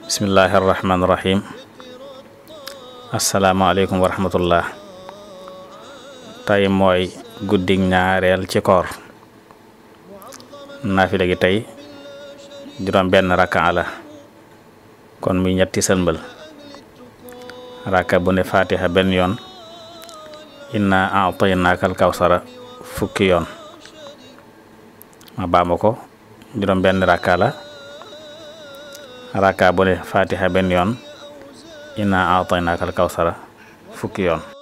bismillahi arrahmaani irrahim asalaamaaleykum wa rahmatullah mooy guddig ñaareel ci koor naafila gi tey juróom benn rakka la kon mi ñetti sëlmbal rakka bu ne fatiha benn yoon inna a'taynaakal kawsara fukki yoon ma baama ko juróom benn rakka la rakka bu ne fatiha benn yoon inna aataynaaka al kawsara fukki yoon